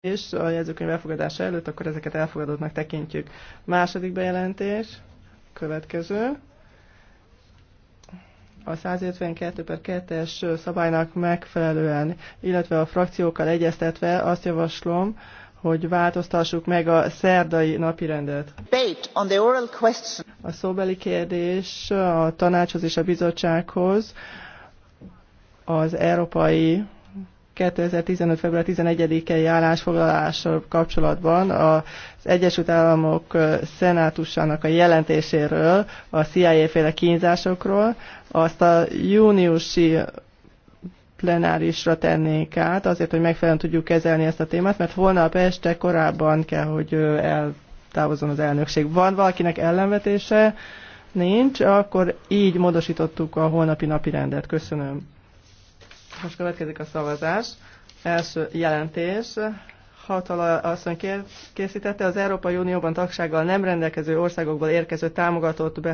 és a jegyzőkönyv elfogadása előtt, akkor ezeket elfogadottnak tekintjük. Második bejelentés, következő. A 152 per 2-es szabálynak megfelelően, illetve a frakciókkal egyeztetve azt javaslom, hogy változtassuk meg a szerdai rendet. A szóbeli kérdés a tanácshoz és a bizottsághoz az európai 2015. február 11-i állásfoglalással kapcsolatban az Egyesült Államok szenátusának a jelentéséről, a CIA-féle kínzásokról, azt a júniusi plenárisra tennénk át, azért, hogy megfelelően tudjuk kezelni ezt a témát, mert holnap este korábban kell, hogy eltávozzon az elnökség. Van valakinek ellenvetése? Nincs, akkor így módosítottuk a holnapi napi rendet. Köszönöm. Most következik a szavazás. Első jelentés. Hatala asszony készítette az Európai Unióban tagsággal nem rendelkező országokból érkező támogatott be